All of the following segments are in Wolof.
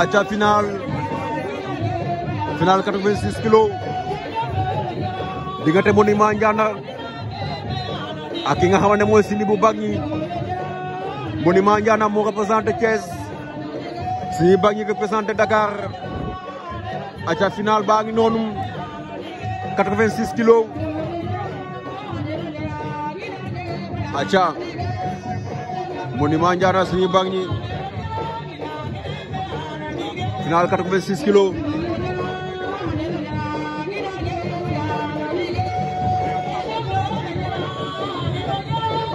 Acha final final 86 kilo diggante Monument Ndianda ak ki nga xamante ne mooy bu Bargny Monument Ndianda moo représenté Thiès Siny Bargny représenté Dakar Acha final baa ngi noonu 86 kilo Acha, Monument Ndianda Siny Bargny finale 86 kilos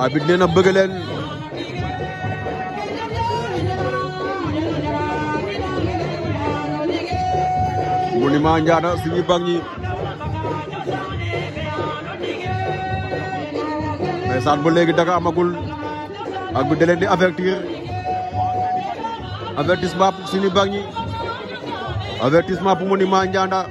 abit nee na bëgg leen Monument Ndiana suñu bag ñi mais saan ba léegi daga amagul ak avertissement pour Sini Bargny avertissement pour Monument Ndianda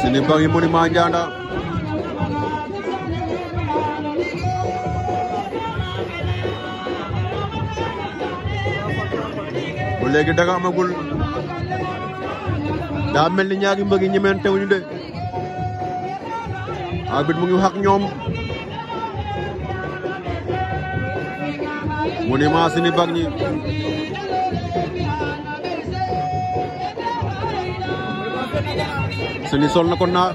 Sini Bargny Monument anda. ba léegi dara amagul daa mel ni ñaari mbër yi ñemeen tewuñu de arbitre mu ngi wax ñoom mu ni maa sini bag ñi sini sol na ko naar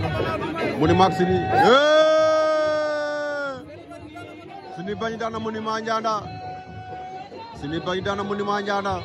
mu ni maak sini sini bañ daana mu ni maa njaanda sini bañ daana mu ni maa njaanda